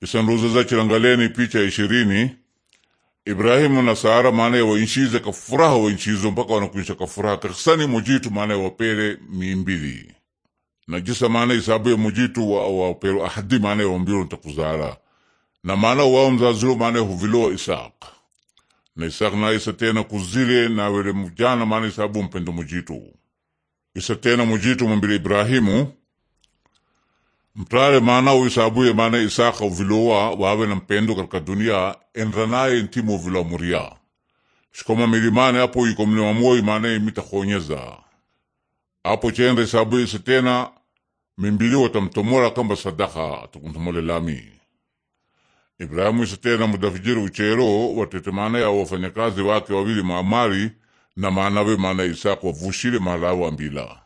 isanduza chirangaleni picha ishirini Ibrahimu na Sara maana wainchize kafuraha wainchizo mpaka wanakuisha kafuraha kakisani mujitu maana wapere mimbili na jisa maana isabu ya mujitu wapere ahadi maana wambiru ntakuzala na maana wao mzazilo maana huviloa Isaka na Isaka na Isa tena kuzile na wele mjana maana isabu mpendo mujitu Isa tena mujitu mwambile Ibrahimu mtare maana uisabuye maana Isaka uvilowa wawe na mpendo katika dunia enranaye ntimo vila muria shikoma milimane apo ikomnewamoi maana mitakonyeza apo chenre isabuye sitena mimbili watamtomora kamba sadaka tukuntomole lami Ibrahimu isitena mudafijiri uchero watete maana ya wafanyakazi wake wawili maamari na maanawe maana Isaka wavushile mahalawo ambila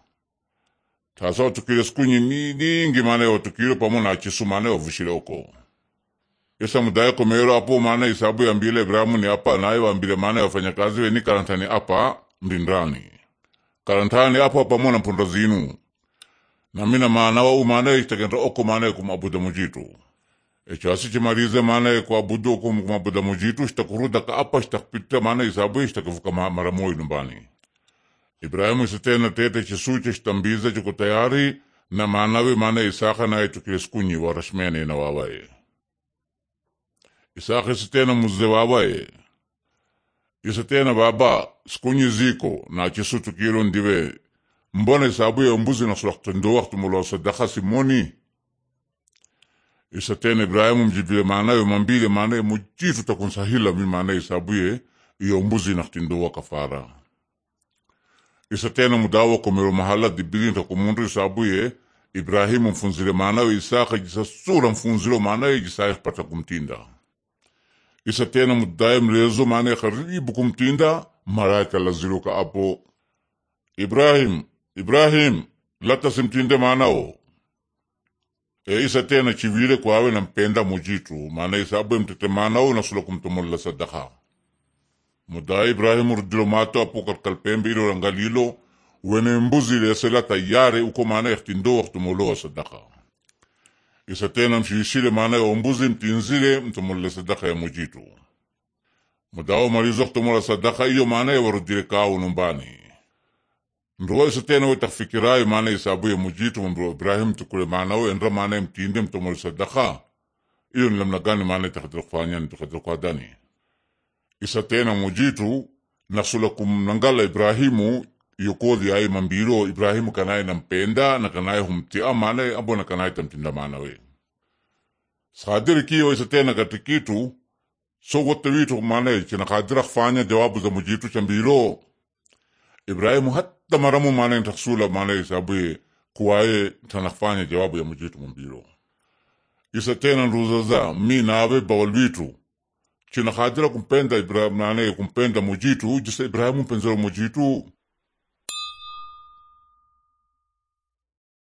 Tasa otukile siku nyingi mane otukile pamo na chisu mane vushile uko. Esa mudaye komero apo mane isabu ya mbile Ibrahimu ni apa naye wambile mane wafanyakazi weni karantani apa ndindrani. Karantani apa pamo na mpondo zinu. Na mina maana wa umane itakenda oko mane kumabuda mujitu. Echo asichimalize mane kuabudu oko kumabuda mujitu shitakuruda ka apa shitakupita mane isabu shitakuvuka mara moyo nyumbani. Ibrahimu isitena tete chisuche chitambiza chiko tayari na manawe mana Isaka naye chukiliskunyi na wawaye Isaka isitena muze wawaye isitena baba sikunyi ziko na chisu chukilo ndiwe mbona ya mbuzi na ndo waktu mulo sadaka simoni isatena Ibrahimu mjibile manawe mambile manaye muchitu takunsahila mi manaye isabu ya mbuzi nakutindo wa kafara isatena mudawa komero mahala dibirinta kumuntu isabuye ibrahimu mfunzile manawe isaka sura mfunzile manawe jisaka pata kumtinda isatena mudaye mrezo mane karibu kumtinda malaika ka apo ibrahim ibrahim lata simtinde manao e isatena chivile kwawe nampenda mujitu mana isabue mtete manao nasula kumtomolla sadaka Muda Ibrahimu diplomato apo katika pembe ilo la wene mbuzi ile sela tayari uko maana ikhtindo wakhtumoloa sadaka isa tena mshishile maana ya mbuzi mtinzile mtumole sadaka ya mujitu mudao malizo khtumola sadaka iyo maana ya warudile kawo numbani nduwa isa tena wetafikirayo maana isabu ya mujitu mru Ibrahim tukule maana we endra maana ya mtinde mtumole sadaka iyo nilamna gani maana itakhadir kufanya nitakhadir kwadani isa tena mujitu na sula kumnangala ibrahimu yokodi ai mambiro ibrahimu kanaye nampenda na kanaye humtia mane abo na kanaye tamtinda manawe sadiri kiyo isa tena katikitu so wote witu mane china kadira kufanya jawabu za mujitu chambiro ibrahimu hatta maramu mane taksula mane sabu kuwaye tanafanya jawabu ya mujitu mambiro isa tena nruzaza mi nawe bawal witu china hadira kumpenda Ibrahimu nane kumpenda mujitu jisa Ibrahimu mpenzero mujitu